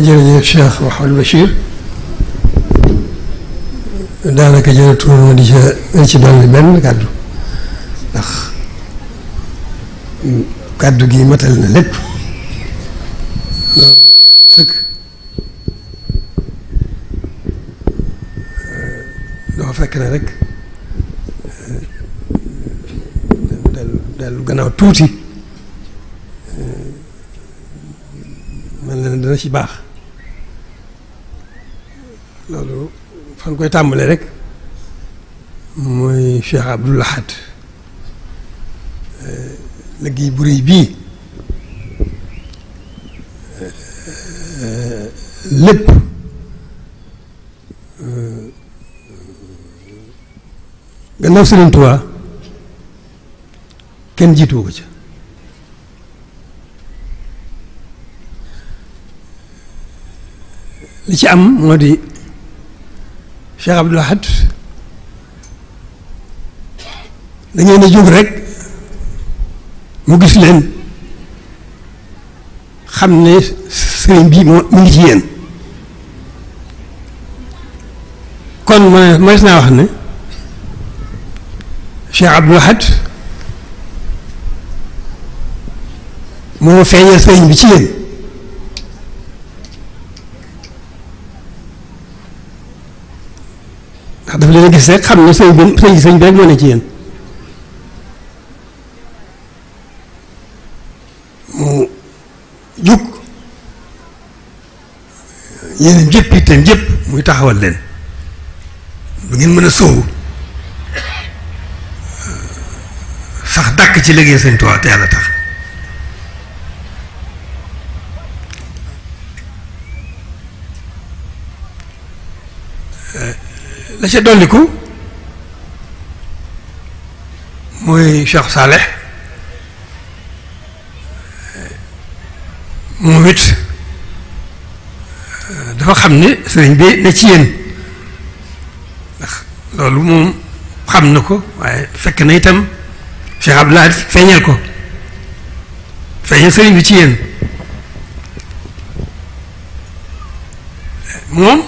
jërëjëf Cheikh Mouhamadou Bachir daanaka jërëtul ma di ca ci dolli benn kàddu ndax kàddu gi matal na lépp sëkk fekk na rek eh, dellu gannaaw tuuti dana ci baax loolu fan koy tàmbalee rek mooy Cheikh Abdoul Ahad eh, liggéey bu rëy bii eh, lépp eh, gannaaw Sëriñ Tuubaa kenn jiituwu ko ca li ci am moo di Cheikh Abdoul Ahad da jóg rek mu gis leen xam ne sëriñ bi mu ngi ci yéen kon ma ma des naa wax ne Cheikh Abdoul Ahad moo feeñal sëriñ bi ci yéen ndax daf leen gis rek xam ne sëñ bi sëñ sëñ bi rek moo ne ci yéen mu jug yéen jëpp itam jëpp muy taxawal leen bu ngeen mën a soowu sax dàkk ci liggéey sëñ Tuubaa te yàlla tax la ca dolliku muy euh, dafa xam ne sëriñ bi na ci yéen ndax loolu moom xam na ko waaye fekk na itam Cheikh Abdoulaye feeñal ko feeñal sëriñ bi ci yéen moom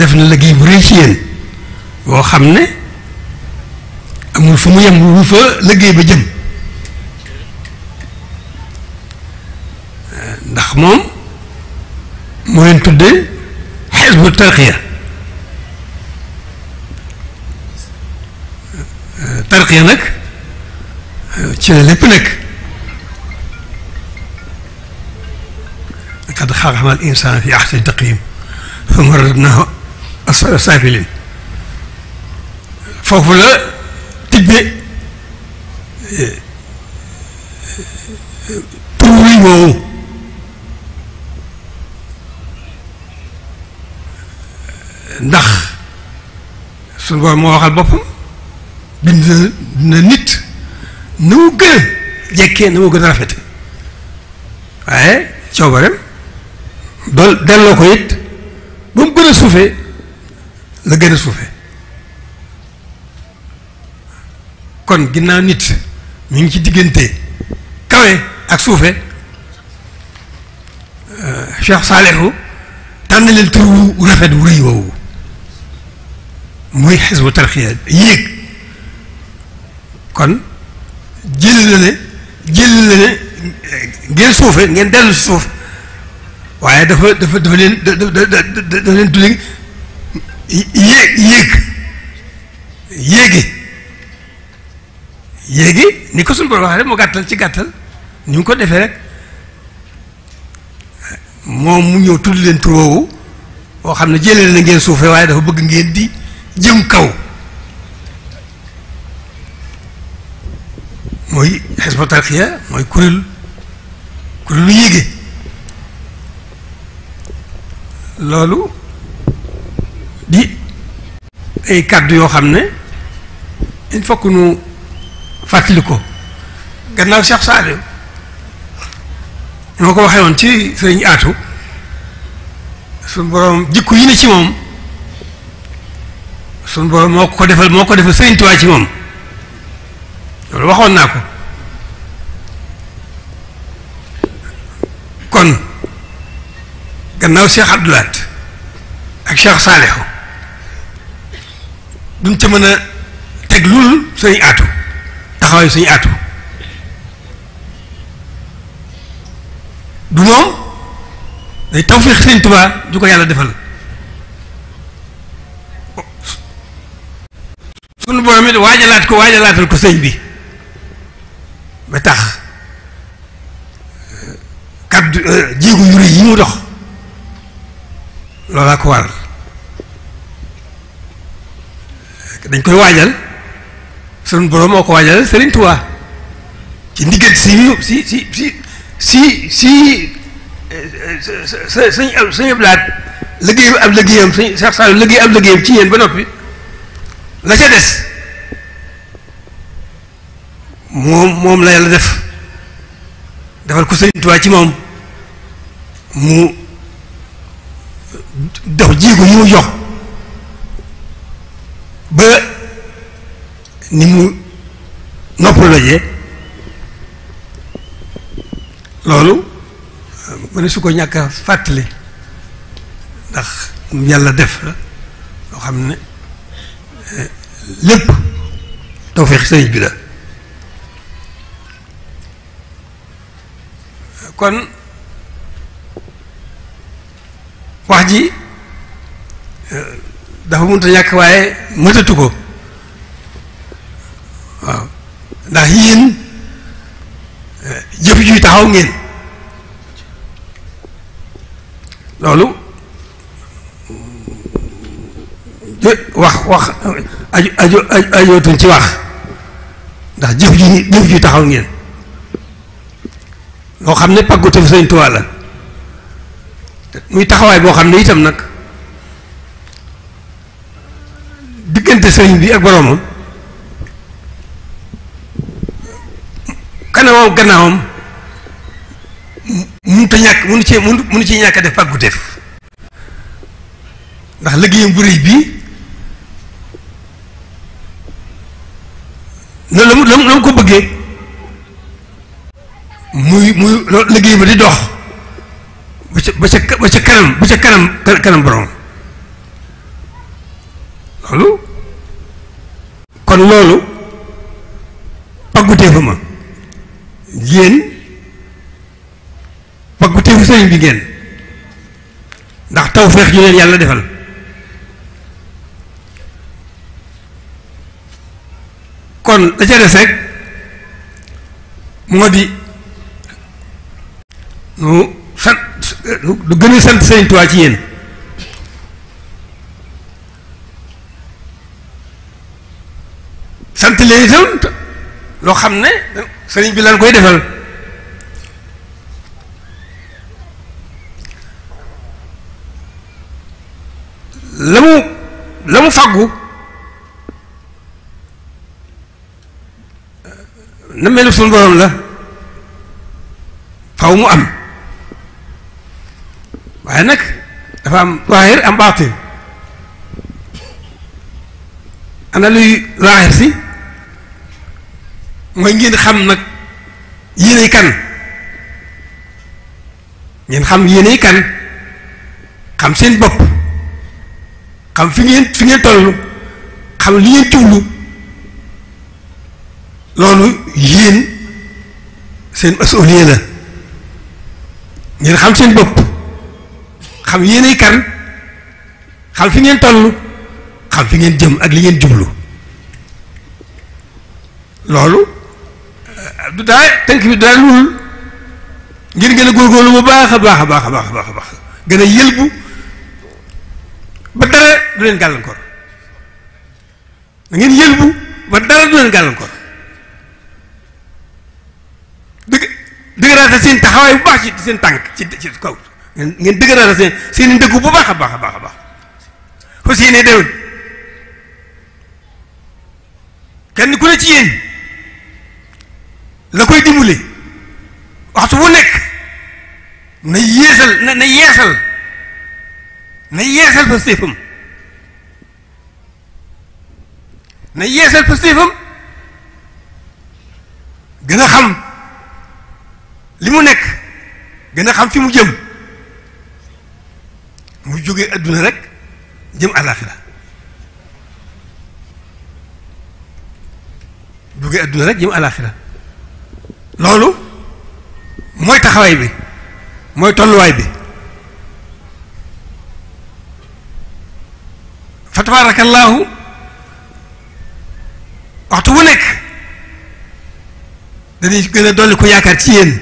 def na liggéey bu rëy ci yéen boo xam ne amul fu mu yem wu fa liggéey ba jëm ndax moom moo leen tuddee xisbu tarqiya tarqiya nag ci la lépp nekk qad xalaqnal insaana fi axsani taqwiim summa radadnaahu saafiliin foofu la tibbe eh, eh, eh, pour wuy ndax suñu borom moo waxal boppam bind na nit na mu gën a jekkee na mu gën a rafete waaye coobarem dool delloo ko it ba mu gën a suufee la gën a suufe kon ginnaaw nit mi ngi ci diggante kawe ak suufe euh, Cheikh Saalihu tànn leen tur wu rafet wu rëy woowu muy xisbu tarxiya yéeg kon jël ne jël la ne euh, ngeen suufe ngeen dellu si suuf waaye dafa dafa dafa leen dafa leen tudde yéeg yéeg yéegi yéegi ni ko suñu borom waxee rek mu gàttal ci gàttal ni mu ko defee rek moom mu ñëw tudd leen tur woowu xam ne jëlee na ngeen suufee waaye dafa bëgg ngeen di jëm kaw mooy Hizbut Tarqiyyah mooy kuréel kuréelu yéege loolu ay kàddu yoo xam ne il faut nu fàttali ko gannaaw Cheikh Saliou moo ko waxee woon ci sëriñ atu suñ borom jikko yi ne ci moom suñ borom moo ko defal moo ko defal sëriñ Tuubaa ci moom loolu waxoon naa ko kon gannaaw Cheikh Abdoulaat ak Cheikh Saliou duñ ca mën a teg lul suñu aatu taxawaayu suñu aatu du moom day tawfiix sëñ Tuubaa ju ko yàlla defal sunu borom it waajalaat ko waajalaatal ko sëñ bi ba tax kaddu euh, jéego yu yi mu dox loolaa ko waral dañ koy waajal sunu borom moo ko waajal Serigne Touba ci ndigal si si si si si si sa sañ ab sañ laat liggéeyu ab liggéeyam sañ sax saa liggéey ab liggéeyam ci yéen ba noppi la ca des moom moom la yàlla def defal ko Serigne Touba ci moom mu dox jiigu yi mu jox. ba ni mu noppaloo jee loolu ma ne su ko ñàkk a fàttali ndax yàlla def la loo xam ne eh, lépp tawfeex sëriñ bi la kon wax ji dafa mënut a ñàkk waaye mëtatu ko waaw ndax yéen jëf juy taxaw ngeen loolu wax wax aju aju ajootuñ ci wax ndax jëf ju jëf ju taxaw ngeen loo xam ne pàggute fi Sëñ Tuubaa la muy taxawaay boo xam ne itam nag diggante sëriñ bi ak boroomam kanawam gannaawam mënut a ñàkk mënu cee mënu cee ñàkk a def pàgguteef ndax liggéeyam bu rëy bii loolu la mu la mu ko bëggee muy muy liggéey ba di dox ba ca ba ca kanam ba ca kanam kanam boroom loolu kon loolu paggutee fa ma yéen paggutee fu sëriñ bi ngeen ndax taw feex ju leen yàlla defal kon la ca des rek moo di nu sant nu gën a sant sëriñ Tuubaa ci yéen sant leen itam loo xam ne sëriñ bi lan koy defal la mu la mu fàggu na melu suñu borom la faw mu am waaye nag dafa am zaahir am baatin ana luy zaahir si mooy ngeen xam nag yéenay kan ngeen xam yéenay kan xam seen bopp xam fi ngeen fi ngeen toll xam li ngeen jublu loolu yéen seen mas'uliya la ngeen xam seen bopp xam yéenay kan xam fi ngeen toll xam fi ngeen jëm ak li ngeen jublu loolu du daa tënk bi daa lul ngeen gën a góorgóorlu bu baax a baax a baax a baax a baax gën a yëlbu ba dara du leen gàllankoor da ngeen yëlbu ba dara du leen gàllankoor dëgg dëgëraata seen taxawaay bu baax ci seen tànk ci ci kaw ngeen dëgëraata seen seen ndëggu bu baax a baax baax a baax fas yéene déwén ku ne ci yéen. la koy dimbali waxtu bu nekk na yeesal na na yeesal na yeesal fa séefam na yeesal fa séefam gën a xam li mu nekk gën a xam fi mu jëm mu jógee adduna rek jëm àllaaxira jógee adduna rek jëm àllaaxira loolu mooy taxawaay bi mooy tolluwaay bi fa tabaarakallaahu waxtu wu nekk dañuy gën a dolli ko yaakaar ci yéen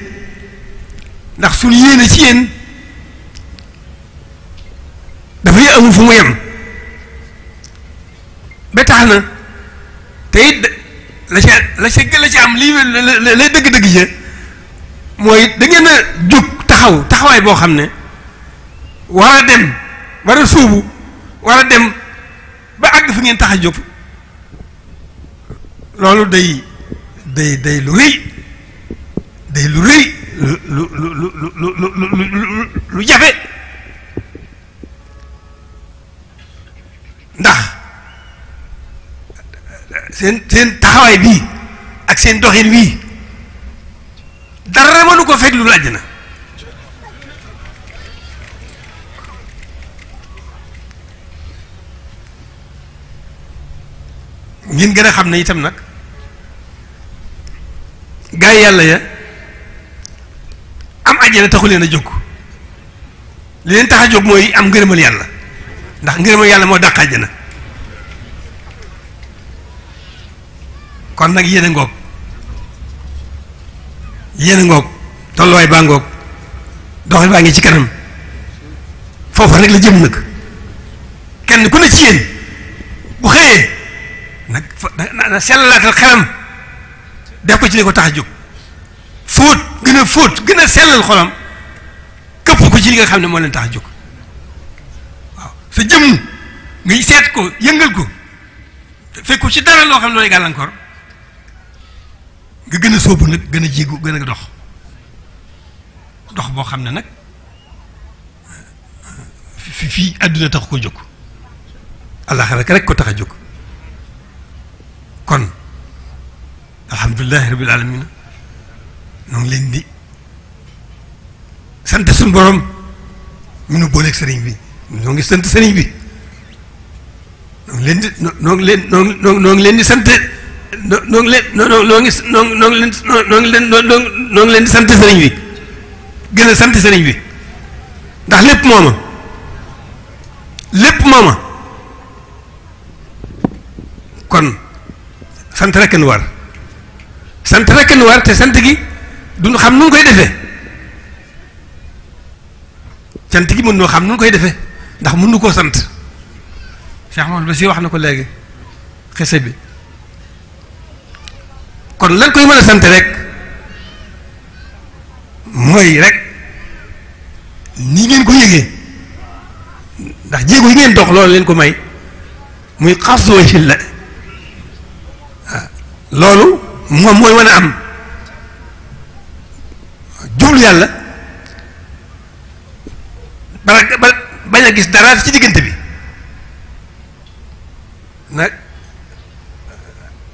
ndax suñu yéene ci yéen dafay amul fu mu yem ba tax na te la ca la la ca am lii lay dëgg-dëgg ja mooy da ngeen a jóg taxaw taxawaay boo xam ne war a dem war a suubu war a dem ba àgg fi ngeen tax a jóg loolu day day day lu rëy day lu rëy lu lu lu lu lu seen seen taxawaay bii ak seen doxin wii dara mënu ko fekk lu dul àjjana ngeen gën a xam ne itam nag gaa yi yàlla ya am àjjana taxu leen a jóg li leen tax a jóg mooy am ngërëmal yàlla ndax ngërëmal yàlla moo dàq na kon nag yéen a ngoog yéen a ngoog tolluwaay baa ngoog doxal baa ngi ci kanam foofu rek la jëm nag kenn ku ne ci yéen bu xëyee nag na sellalaatal xelam def ko ci li ko tax a jóg fóot gën a fóot gën a sellal xolam këpp ko ci li nga xam ne moo leen tax a jóg waaw sa jëmm seet ko yëngal ko fekk ci dara loo xam ne looy gàllankoor nga gën a sóobu nag gën a jéegu gën a dox dox boo xam ne nag fi fii àdduna tax ko jóg àllaaxira rek ko tax a jóg kon alhamdulilahi rabil alamina ñoo ngi leen di sant suñu borom mi nu booleeg sëriñ bi ñoo ngi sant sëriñ bi leen di noo ngi leen noo ngi leen di sant noo ngi leen noo noo ngi noo noo ngi leen noo ngi leen noo ngi leen di sant sëriñ bi gën a sant sëriñ wi ndax lépp mooma lépp mooma kon sant rekk nu war sant rekk nu war te sant gi duñ xam nu koy defee sant gi mën noo xam nu koy defee ndax mën nu koo sant Cheikh Mawal ba si wax na ko léegi xese bi. kon lan koy mën a sante rek mooy rek nii ngeen ko yëgee ndax jéego yi ngeen dox loolu leen ko may muy xas wacil la loolu moom mooy wane am jublu yàlla bala ba bañ a gis dara ci diggante bi nag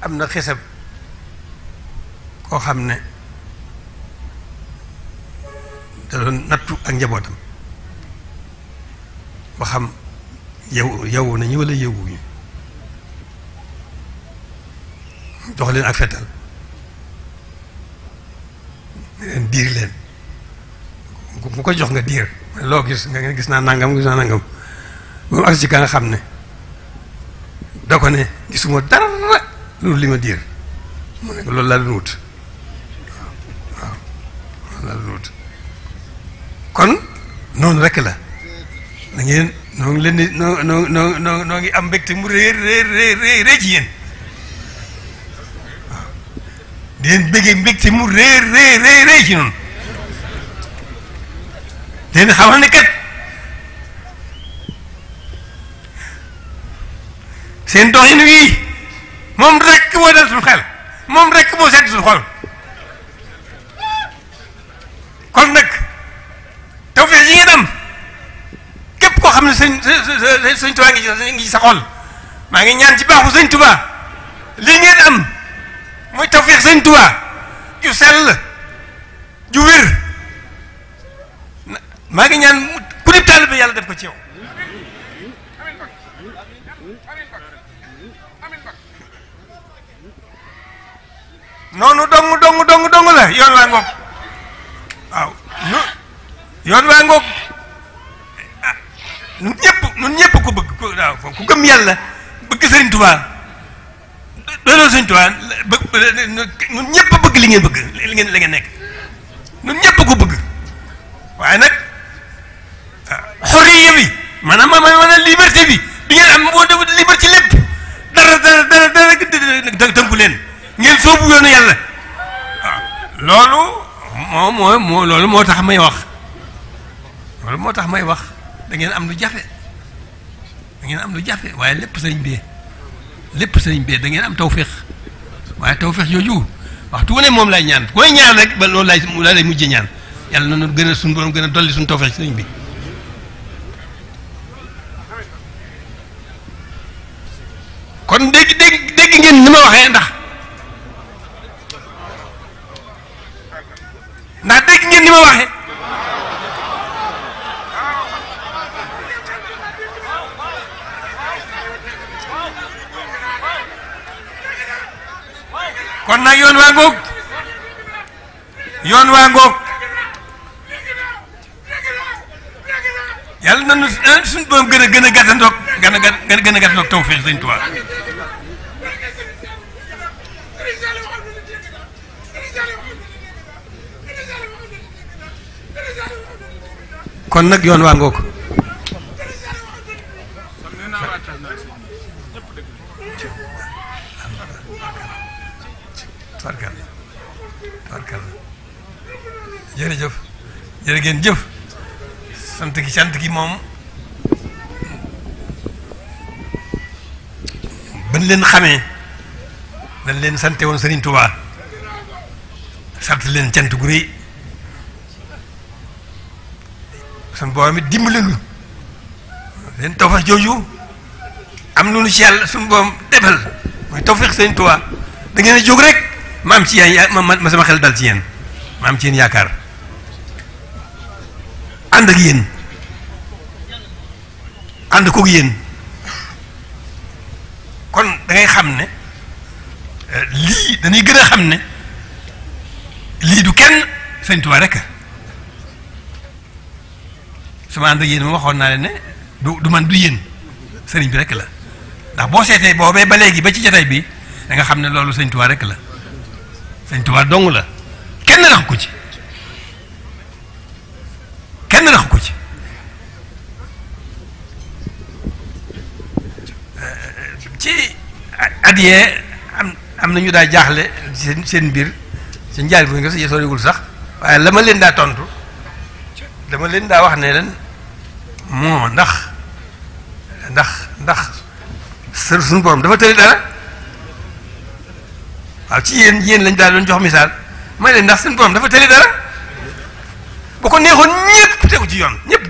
am na xesab koo xam ne da doon nattu ak njabootam ba xam yow yow nañu wala yowuñu jox leen ak fetal leen diir leen ku ko jox nga diir loo gis nga gis naa nangam gis naa nangam moom ak si ka nga xam ne da ko ne gisuma dara loolu li ma diir mu ne loolu laa doon wut la luut kon noonu rek la na ngeen noo ngi leen di noo noo noo noo ngi am mbégte mu réer réer réer réer ci yéen waaw di leen bëggee mbégte mu réer réer réer réer ci noonu di leen xamal ne kat seen doxin wii moom rek moo dal suñu xel moom rek moo sedd suñu xol. kon nag tawfeex yi ngeen am képp koo xam ne sëñ sëñ tubaa ngi ngi maa ngi ñaan ci baaxu sëñ tubaa lii ngeen am mooy tawfeex sëñ tubaa ju sell ju wér maa ngi ñaan ku nekk taalibe yàlla def ko ci yow noonu dong dong dong dong la yoon waa ngoog lu yoon waa ngoog nun ñëpp nun ñëpp ku bëgg ku waaw ku gëm yàlla bëgg sëriñ tubaa dooloo sëriñ tubaa nun ñëpp bëgg li ngeen bëgg li ngeen la ngeen nekk nun ñëpp ku bëgg waaye nag xorriya bi maanaam maanaam liberté bi bi ngeen am boo def liberté lépp dara dara dara dara tënku leen ngeen soobu yoonu yàlla waaw loolu moo moo loolu moo tax may wax loolu moo tax may wax da ngeen am lu jafe dangeen am lu jafe waaye lépp sëriñ bee lépp sëriñ bee da ngeen am tawféex waaye tawféex jooju waxtu wu ne moom lay ñaan koy ñaan rek ba loolu lay la lay mujj ñaan yàlla noonu gën a suñ borom gën a dolli suñ tawféex sëriñ bi kon dégg dégg dégg ngeen ni ma waxee ndax waa ngoog yàlla na nu suñu borom gën a gën a gàttandoog gën a gën a gën a gàttandoog tawfeex sëñ kon nag yoon waa ngoog jërë jëf sant gi sant gi moom ban leen xame dañ leen sante woon Serigne Touba sant leen cant gu rëy suñu boobam it dimbali nu leen tawfeex jooju am lu nu ci yàlla suñu boobam defal mooy tawfeex Serigne Touba da ngeen jóg rek ma am ci yaay ma ma sama xel dal ci yen ma am ci yéen yaakaar. ànd ak yéen ànd koog yéen kon da xam ne euh, lii dañuy gën a xam ne lii du kenn sëñ Tuubaa rek sama ànd ak yéen moom waxoon naa leen ne du du man du yéen sëriñ bi rek la ndax boo seetee boobee ba léegi ba ci jotaay bi da nga xam ne loolu sëñ Tuubaa rek la sëñ Tuubaa dong la kenn rax ko ci. at yee am am na ñu daa jaaxle seen seen mbir seen jaay bu nga si wul sax waaye la ma leen daa tontu dama leen daa wax ne leen moo ndax ndax ndax sër suñu borom dafa tëri dara waaw ci yéen yéen lañ daal doon jox misaal may leen ndax suñu dafa tëri dara bu ko neexoon ñëpp tegu ci yoon ñëpp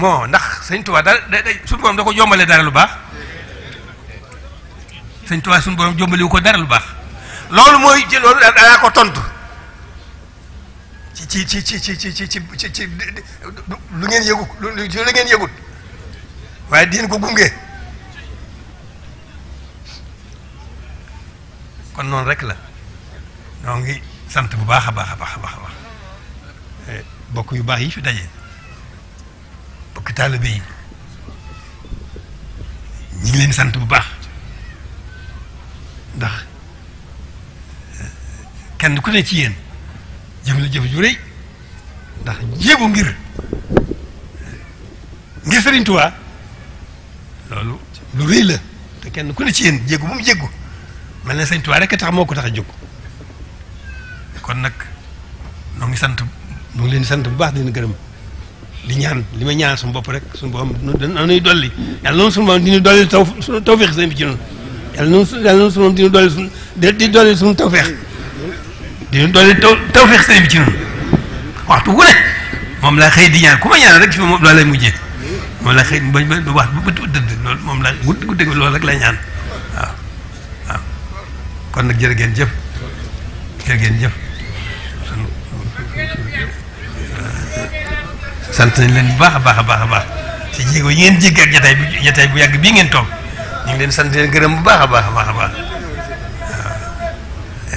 moo ndax sëñ Tuubaa daal da suñu borom da ko jombalee dara lu baax sëñ Tuubaa suñu borom jombaliwu ko dara lu baax loolu mooy ci loolu danaa ko tontu ci ci ci ci ci ci ci ci ci lu ngeen yëgu lu ngeen yëgut waaye diin ko gunge kon noonu rek la ñoo ngi sant bu baax a baax a baax a baax a eh, bokk yu baax yi fi daje bokk taalibe yi ñu ngi sant bu baax. dax eh, kenn ku ne ci yéen jëf na jëf ju rëy ndax ngir eh, ngir Sëriñ Tuubaa loolu lu rëy la kenn ku ne ci yéen jéego bu mu jéego mel ne Sëriñ Tuubaa rek tax moo ko tax a jóg kon nag noo ngi sant noo ngi leen di sant bu baax din leen gërëm di ñaan li may ñaan suñu bopp rek sun bopp am na nuy dolli yàlla noonu suñu bopp dina dolli taw taw fexe seen ci noonu yàlla na su yàlla na su moom di dolli suñu di dolli suñu tawféex di dolli taw tawféex sëriñ bi ci noonu waxtu wu ne moom laa xëy di ñaan ku ñaan rek ci moom laa lay mujjee moom laa xëy ba ba wax ba dëdd loolu moom laa gudd gudd loolu rek lay ñaan waaw kon nag jër ngeen jëf jërë ngeen jëf sant nañ leen bu baax a baax a baax a baax ci jéego yi ngeen jéggi ak jataay bi jataay bu yàgg bii ngeen toog. ñu ngi leen sant leen gërëm bu baax a baax a baax a baax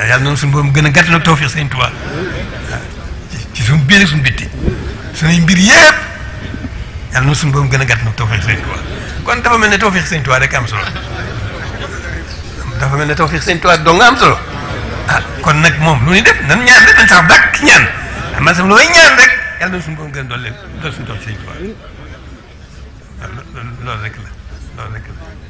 waaw noonu suñu boobu gën a gàtt nag tawfiix sëñ Tuubaa ci suñu biir ak suñu mbir yëpp yàlla noonu suñu boobu gën a gàtt nag tawfiix sëñ Tuubaa kon dafa mel rek am solo dafa mel ne tawfiix sëñ Tuubaa dong am solo ah kon nag moom lu ñuy def nan ñaan rek dañ sax dàkk ñaan man sax looy ñaan rek yàlla noonu suñu boobu gën a dool leen dool loolu rek la loolu rek